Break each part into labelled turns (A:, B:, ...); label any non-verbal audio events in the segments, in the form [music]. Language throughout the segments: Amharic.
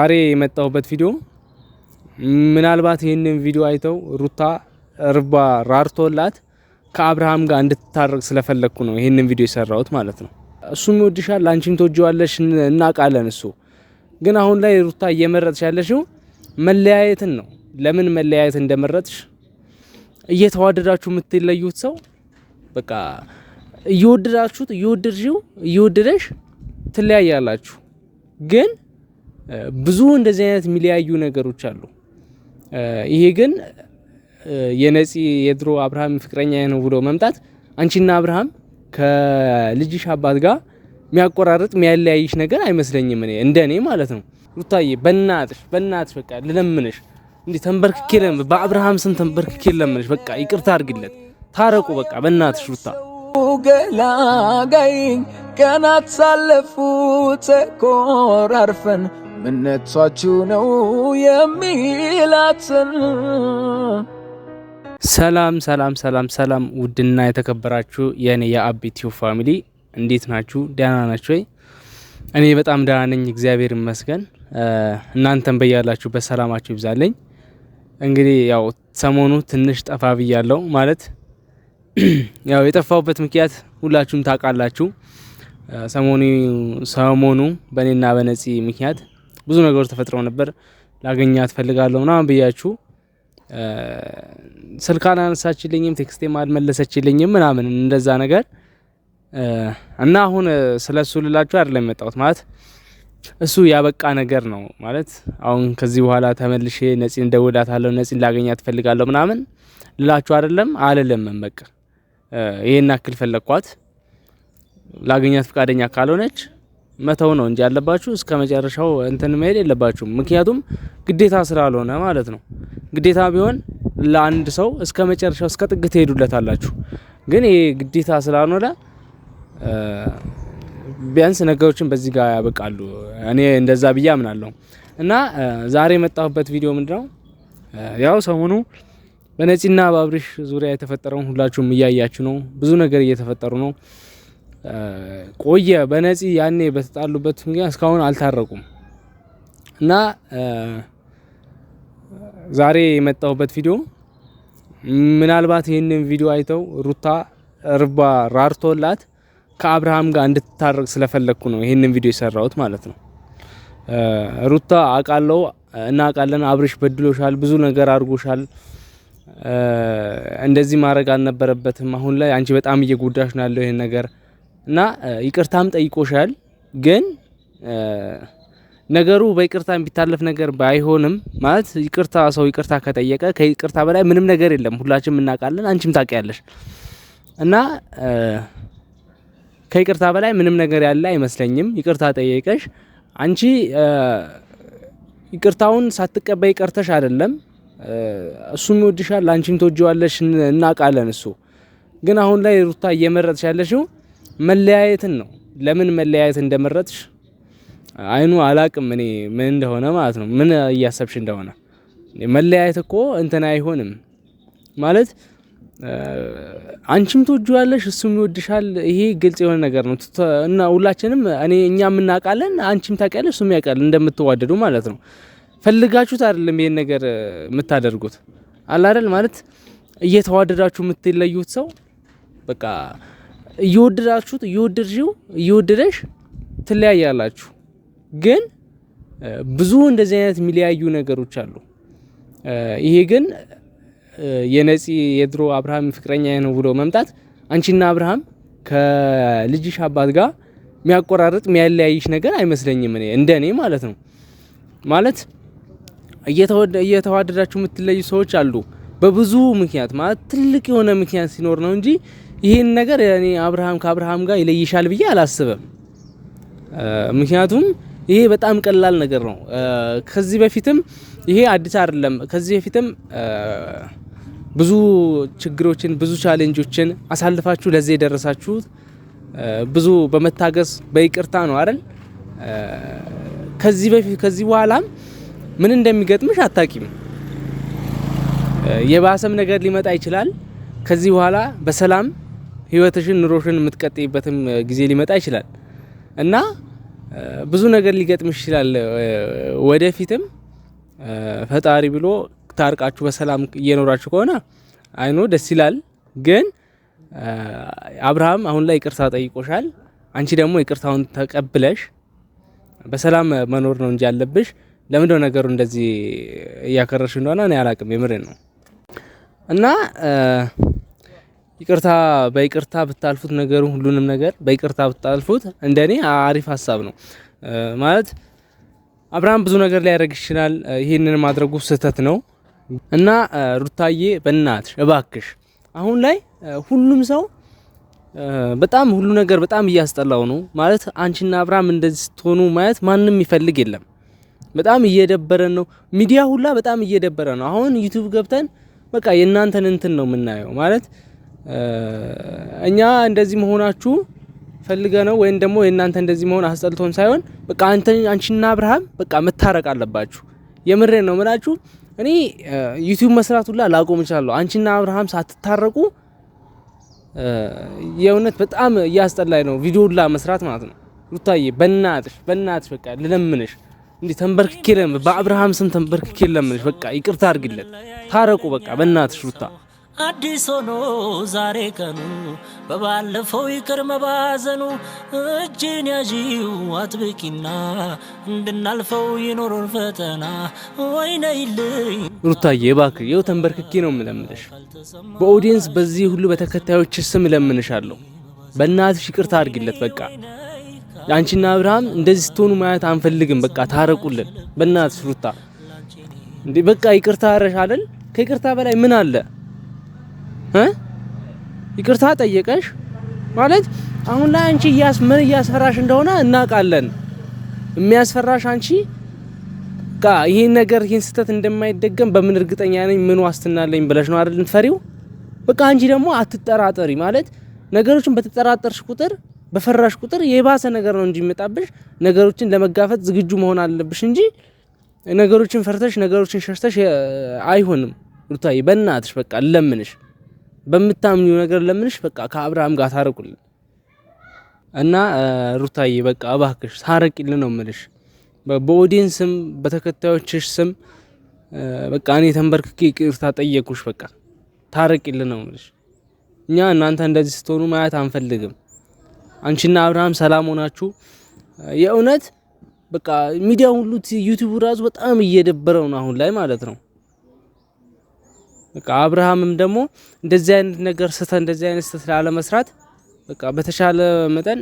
A: ዛሬ የመጣሁበት ቪዲዮ ምናልባት ይህንን ቪዲዮ አይተው ሩታ ርባ ራርቶላት ከአብርሃም ጋር እንድትታረቅ ስለፈለግኩ ነው ይህንን ቪዲዮ የሰራሁት ማለት ነው። እሱም ይወድሻል፣ አንቺም ትወጂዋለሽ፣ እናውቃለን። እሱ ግን አሁን ላይ ሩታ እየመረጥሽ ያለሽው መለያየትን ነው። ለምን መለያየት እንደመረጥሽ እየተዋደዳችሁ የምትለዩት ሰው በቃ እየወደዳችሁት እየወደድሽው እየወደደሽ ትለያያላችሁ ግን ብዙ እንደዚህ አይነት የሚለያዩ ነገሮች አሉ። ይሄ ግን የነፂ የድሮ አብርሃም ፍቅረኛ ነው ብሎ መምጣት አንቺና አብርሃም ከልጅሽ አባት ጋር የሚያቆራርጥ የሚያለያይሽ ነገር አይመስለኝም። እኔ እንደ እኔ ማለት ነው። ሩታዬ በናትሽ በናትሽ በቃ ልለምንሽ፣ እንዲህ ተንበርክኬ ለምን በአብርሃም ስም ተንበርክኬ ለምንሽ፣ በቃ ይቅርታ አድርግለት፣ ታረቁ በቃ በናትሽ ሩታ ገላጋይ ቀናት ሳለፉ ተኮራርፈን ምነቷችሁ ነው የሚላትን ሰላም ሰላም ሰላም ሰላም። ውድና የተከበራችሁ የኔ የአቢቲዩ ፋሚሊ እንዴት ናችሁ? ደህና ናችሁ ወይ? እኔ በጣም ደህና ነኝ፣ እግዚአብሔር ይመስገን። እናንተን በያላችሁ በሰላማችሁ ይብዛለኝ። እንግዲህ ያው ሰሞኑ ትንሽ ጠፋ ብያለሁ። ማለት [clears throat] ያው የጠፋሁበት ምክንያት ሁላችሁም ታውቃላችሁ። ሰሞኑ ሰሞኑ በእኔና በነፂ ምክንያት ብዙ ነገሮች ተፈጥረው ነበር። ላገኛ ፈልጋለሁ ምናምን ብያችሁ ስልካን አላነሳችልኝም፣ ቴክስቴም አልመለሰችልኝም ምናምን እንደዛ ነገር እና አሁን ስለ እሱ ልላችሁ አይደለም የመጣሁት ማለት እሱ ያበቃ ነገር ነው ማለት አሁን ከዚህ በኋላ ተመልሼ ነፂን እደውላታለሁ ነፂን ላገኛ ትፈልጋለሁ ምናምን ልላችሁ አይደለም አልለምም። በቃ ይሄን ያክል ፈለግኳት። ላገኛት ፈቃደኛ ካልሆነች መተው ነው እንጂ ያለባችሁ እስከ መጨረሻው እንትን መሄድ የለባችሁም። ምክንያቱም ግዴታ ስላልሆነ ማለት ነው። ግዴታ ቢሆን ለአንድ ሰው እስከ መጨረሻው እስከ ጥግ ትሄዱለት አላችሁ። ግን ይሄ ግዴታ ስላልሆነ ቢያንስ ነገሮችን በዚህ ጋር ያበቃሉ። እኔ እንደዛ ብዬ አምናለሁ። እና ዛሬ የመጣሁበት ቪዲዮ ምንድነው ያው ሰሞኑ በነፂና በአብርሽ ዙሪያ የተፈጠረውን ሁላችሁም እያያችሁ ነው። ብዙ ነገር እየተፈጠሩ ነው። ቆየ በነፂ ያኔ በተጣሉበት ምክንያት እስካሁን አልታረቁም እና ዛሬ የመጣሁበት ቪዲዮ ምናልባት ይህንን ቪዲዮ አይተው ሩታ እርባ ራርቶላት ከአብርሃም ጋር እንድትታረቅ ስለፈለግኩ ነው ይህንን ቪዲዮ የሰራሁት ማለት ነው። ሩታ አቃለው እናውቃለን፣ አብርሽ በድሎሻል፣ ብዙ ነገር አድርጎሻል፣ እንደዚህ ማድረግ አልነበረበትም። አሁን ላይ አንቺ በጣም እየጎዳሽ ነው ያለው ይህን ነገር እና ይቅርታም ጠይቆሻል። ግን ነገሩ በይቅርታ የሚታለፍ ነገር ባይሆንም ማለት ይቅርታ ሰው ይቅርታ ከጠየቀ ከይቅርታ በላይ ምንም ነገር የለም። ሁላችንም እናውቃለን፣ አንቺም ታውቂያለሽ። እና ከይቅርታ በላይ ምንም ነገር ያለ አይመስለኝም። ይቅርታ ጠየቀሽ አንቺ ይቅርታውን ሳትቀበይ ቀርተሽ አይደለም። እሱም ይወድሻል፣ አንቺም ትወጂዋለሽ፣ እናውቃለን። እሱ ግን አሁን ላይ ሩታ እየመረጥሽ ያለሽው መለያየትን ነው። ለምን መለያየት እንደመረጥሽ አይኑ አላቅም እኔ ምን እንደሆነ ማለት ነው። ምን እያሰብሽ እንደሆነ መለያየት እኮ እንትን አይሆንም ማለት አንቺም ትወጂዋለሽ እሱም ይወድሻል። ይሄ ግልጽ የሆነ ነገር ነው እና ሁላችንም እኔ እኛም እናውቃለን፣ አንቺም ታውቂያለሽ፣ እሱም ያውቃል እንደምትዋደዱ ማለት ነው። ፈልጋችሁት አይደለም ይሄን ነገር የምታደርጉት አላደል ማለት እየተዋደዳችሁ የምትለዩት ሰው በቃ እየወደዳችሁት እየወደድሽው እየወደደሽ ትለያያላችሁ። ግን ብዙ እንደዚህ አይነት የሚለያዩ ነገሮች አሉ። ይሄ ግን የነፂ የድሮ አብርሃም ፍቅረኛ ነው ብሎ መምጣት አንቺና አብርሃም ከልጅሽ አባት ጋር የሚያቆራርጥ የሚያለያይሽ ነገር አይመስለኝም። እኔ እንደ እኔ ማለት ነው ማለት እየተዋደዳችሁ የምትለዩ ሰዎች አሉ። በብዙ ምክንያት ማለት ትልቅ የሆነ ምክንያት ሲኖር ነው እንጂ ይህን ነገር እኔ አብርሃም ከአብርሃም ጋር ይለይሻል ብዬ አላስብም። ምክንያቱም ይሄ በጣም ቀላል ነገር ነው። ከዚህ በፊትም ይሄ አዲስ አይደለም። ከዚህ በፊትም ብዙ ችግሮችን ብዙ ቻሌንጆችን አሳልፋችሁ ለዚህ የደረሳችሁት ብዙ በመታገስ በይቅርታ ነው አይደል? ከዚህ በፊት ከዚህ በኋላም ምን እንደሚገጥምሽ አታቂም። የባሰም ነገር ሊመጣ ይችላል። ከዚህ በኋላ በሰላም ህይወትሽን ኑሮሽን የምትቀጥይበትም ጊዜ ሊመጣ ይችላል እና ብዙ ነገር ሊገጥምሽ ይችላል። ወደፊትም ፈጣሪ ብሎ ታርቃችሁ በሰላም እየኖራችሁ ከሆነ አይኖ ደስ ይላል። ግን አብርሃም አሁን ላይ ይቅርታ ጠይቆሻል። አንቺ ደግሞ ይቅርታውን ተቀብለሽ በሰላም መኖር ነው እንጂ ያለብሽ። ለምንድነው ነገሩ እንደዚህ እያከረሽ እንደሆነ እኔ አላቅም። የምሬን ነው እና ይቅርታ በይቅርታ ብታልፉት ነገሩ ሁሉንም ነገር በይቅርታ ብታልፉት እንደኔ አሪፍ ሀሳብ ነው። ማለት አብርሃም ብዙ ነገር ሊያደርግ ይችላል። ይህንን ማድረጉ ስህተት ነው እና ሩታዬ በእናትሽ እባክሽ አሁን ላይ ሁሉም ሰው በጣም ሁሉ ነገር በጣም እያስጠላው ነው። ማለት አንቺና አብርሃም እንደዚህ ስትሆኑ ማየት ማንም ይፈልግ የለም። በጣም እየደበረ ነው። ሚዲያ ሁላ በጣም እየደበረ ነው። አሁን ዩቱብ ገብተን በቃ የእናንተን እንትን ነው የምናየው ማለት እኛ እንደዚህ መሆናችሁ ፈልገ ነው ወይም ደግሞ የእናንተ እንደዚህ መሆን አስጠልቶን ሳይሆን በቃ አንተ አንቺና አብርሃም በቃ መታረቅ አለባችሁ። የምሬን ነው ምላችሁ። እኔ ዩቲዩብ መስራት ሁላ ላቆም እችላለሁ። አንቺና አብርሃም ሳትታረቁ የእውነት በጣም እያስጠላኝ ነው ቪዲዮ ሁላ መስራት ማለት ነው። ሩታዬ በናትሽ በናትሽ በቃ ልለምንሽ እንዴ ተንበርክኬ ለምን በአብርሃም ስም ተንበርክኬ ለምንሽ፣ በቃ ይቅርታ አድርግለት፣ ታረቁ በቃ በናትሽ ሩታ አዲስ ሆኖ ዛሬ ቀኑ በባለፈው ይቅር መባዘኑ እጅን ያዢው አትብቂና እንድናልፈው ይኖሮን ፈተና ወይነይልኝ ሩታዬ እባክህ የው ተንበርክኬ ነው የምለምንሽ። በኦዲየንስ በዚህ ሁሉ በተከታዮች ስም እለምንሻለሁ። በእናትሽ ይቅርታ አድርጊለት። በቃ አንቺና አብርሃም እንደዚህ ስትሆኑ ማየት አንፈልግም። በቃ ታረቁልን። በእናትሽ ሩታ እንዴ በቃ ይቅርታ አረሻለን ከይቅርታ በላይ ምን አለ? ይቅርታ ጠየቀሽ ማለት አሁን ላይ አንቺ ምን እያስፈራሽ እንደሆነ እናውቃለን። የሚያስፈራሽ አንቺ ጋ ይሄን ነገር ይሄን ስህተት እንደማይደገም በምን እርግጠኛ ነኝ፣ ምን ዋስትና አለኝ ብለሽ ነው አይደል የምትፈሪው? በቃ አንቺ ደግሞ አትጠራጠሪ ማለት ነገሮችን በተጠራጠርሽ ቁጥር በፈራሽ ቁጥር የባሰ ነገር ነው እንጂ የሚመጣብሽ። ነገሮችን ለመጋፈጥ ዝግጁ መሆን አለብሽ እንጂ ነገሮችን ፈርተሽ ነገሮችን ሸሽተሽ አይሆንም። ሩታዬ በእናትሽ በቃ ለምንሽ በምታምኙ ነገር ለምንሽ በቃ ከአብርሃም ጋር ታረቁልን እና ሩታዬ በቃ እባክሽ ታረቂልን ነው ምልሽ። በኦዲንስ ስም በተከታዮችሽ ስም በቃ እኔ ተንበርክኬ ይቅርታ ጠየቁሽ። በቃ ታረቂልን ነው ምልሽ። እኛ እናንተ እንደዚህ ስትሆኑ ማየት አንፈልግም። አንቺና አብርሃም ሰላም ሆናችሁ የእውነት በቃ ሚዲያ ሁሉ ዩቲዩብ ራሱ በጣም እየደበረው ነው አሁን ላይ ማለት ነው። በቃ አብርሃምም ደግሞ እንደዚህ አይነት ነገር ስተ እንደዚህ አይነት ስተ ላለመስራት በቃ በተሻለ መጠን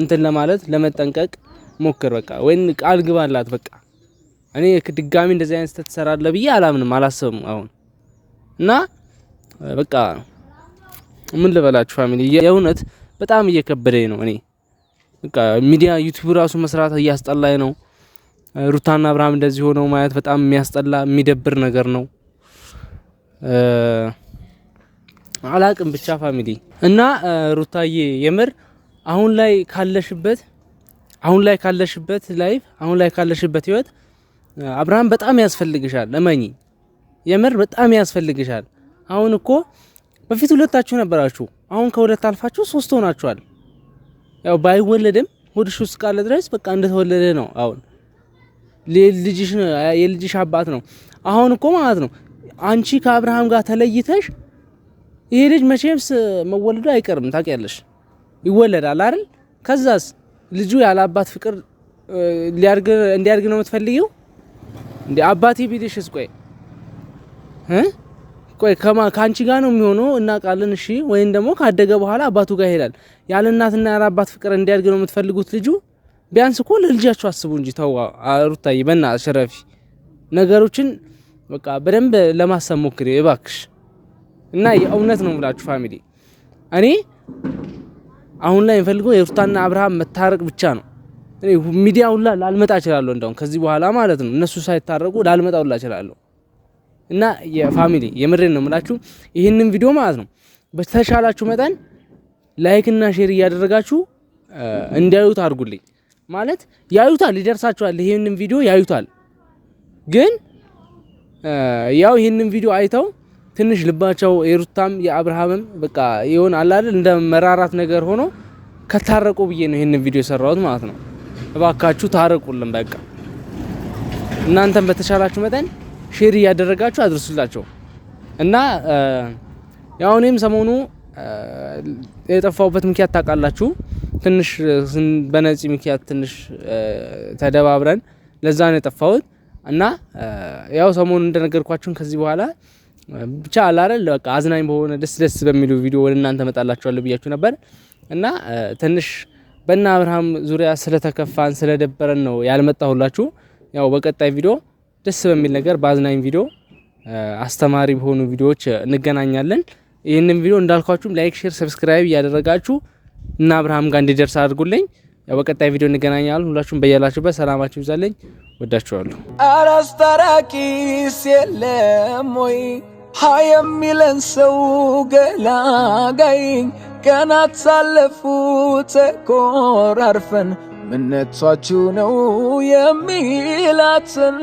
A: እንትን ለማለት ለመጠንቀቅ ሞክር። በቃ ወይን ቃል ግባላት። በቃ እኔ ድጋሚ እንደዚህ አይነት ስህተት ትሰራለህ ብዬ አላምንም፣ አላስብም አሁን እና በቃ ምን ልበላችሁ ፋሚሊ፣ የእውነት በጣም እየከበደኝ ነው። እኔ በቃ ሚዲያ ዩቲዩብ ራሱ መስራት እያስጠላኝ ነው። ሩታና አብርሃም እንደዚህ ሆነው ማየት በጣም የሚያስጠላ የሚደብር ነገር ነው። አላቅም ብቻ ፋሚሊ እና ሩታዬ የምር አሁን ላይ ካለሽበት አሁን ላይ ካለሽበት ላይፍ አሁን ላይ ካለሽበት ህይወት አብርሃም በጣም ያስፈልግሻል። እመኚ የምር በጣም ያስፈልግሻል። አሁን እኮ በፊት ሁለታችሁ ነበራችሁ። አሁን ከሁለት አልፋችሁ ሶስት ሆናችኋል። ያው ባይወለድም ሆድሽ ውስጥ ቃለ ድረስ በቃ እንደተወለደ ነው። አሁን የልጅሽ አባት ነው አሁን እኮ ማለት ነው አንቺ ከአብርሃም ጋር ተለይተሽ ይሄ ልጅ መቼምስ መወለዱ አይቀርም ታውቂያለሽ። ይወለዳል አይደል? ከዛስ ልጁ ያለ አባት ፍቅር እንዲያድግ ነው የምትፈልጊው? እንዲ አባቴ ቢልሽስ? ቆይ ቆይ ከአንቺ ጋር ነው የሚሆነው እናውቃለን። እሺ ወይም ደግሞ ካደገ በኋላ አባቱ ጋር ይሄዳል። ያለ እናትና ያለ አባት ፍቅር እንዲያድግ ነው የምትፈልጉት ልጁ? ቢያንስ እኮ ለልጃችሁ አስቡ እንጂ ተዋ፣ ሩታዬ፣ በእናትሽ ረፊ ነገሮችን በቃ በደንብ ለማሰብ ሞክሪ እባክሽ። እና የእውነት ነው የምላችሁ ፋሚሊ፣ እኔ አሁን ላይ የምፈልገው የሩታና አብርሃም መታረቅ ብቻ ነው። ሚዲያ ሁላ ላልመጣ እችላለሁ፣ እንደውም ከዚህ በኋላ ማለት ነው እነሱ ሳይታረቁ ላልመጣ ሁላ እችላለሁ። እና የፋሚሊ የምሬን ነው የምላችሁ ይህንን ቪዲዮ ማለት ነው በተሻላችሁ መጠን ላይክና ሼር እያደረጋችሁ እንዲያዩት አድርጉልኝ። ማለት ያዩታል፣ ይደርሳችኋል። ይህንን ቪዲዮ ያዩታል ግን ያው ይህንን ቪዲዮ አይተው ትንሽ ልባቸው የሩታም የአብርሃምም በቃ የሆነ አላል እንደ መራራት ነገር ሆኖ ከታረቁ ብዬ ነው ይህንን ቪዲዮ የሰራሁት ማለት ነው። እባካችሁ ታረቁልን በቃ እናንተም በተቻላችሁ መጠን ሼር እያደረጋችሁ አድርሱላቸው እና ያው እኔም ሰሞኑ የጠፋውበት ምክንያት ታውቃላችሁ። ትንሽ በነፂ ምክንያት ትንሽ ተደባብረን ለዛ ነው የጠፋሁት። እና ያው ሰሞኑን እንደነገርኳችሁን ከዚህ በኋላ ብቻ አላረል በቃ አዝናኝ በሆነ ደስ ደስ በሚሉ ቪዲዮ ወደ እናንተ መጣላችኋለሁ ብያችሁ ነበር እና ትንሽ በእነ አብርሃም ዙሪያ ስለተከፋን ስለደበረን ነው ያልመጣሁላችሁ። ያው በቀጣይ ቪዲዮ ደስ በሚል ነገር በአዝናኝ ቪዲዮ አስተማሪ በሆኑ ቪዲዮዎች እንገናኛለን። ይህንን ቪዲዮ እንዳልኳችሁም ላይክ፣ ሼር፣ ሰብስክራይብ እያደረጋችሁ እና አብርሃም ጋር እንዲደርስ አድርጉልኝ። ያው በቀጣይ ቪዲዮ እንገናኛለን። ሁላችሁም በያላችሁበት ሰላማችሁ ይብዛልኝ። ወዳችኋለሁ። አራስታራቂስ የለም ወይ ሀ የሚለን ሰው ገላጋይ ቀናት ሳለፉ ተኮራርፈን ምነቷችሁ ነው የሚላትን